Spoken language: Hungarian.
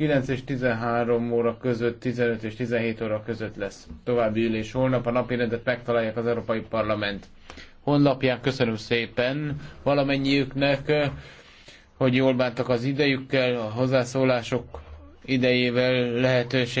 9 és 13 óra között, 15 és 17 óra között lesz további ülés. Holnap a napi rendet megtalálják az Európai Parlament honlapján. Köszönöm szépen valamennyiüknek, hogy jól bántak az idejükkel, a hozzászólások idejével lehetőség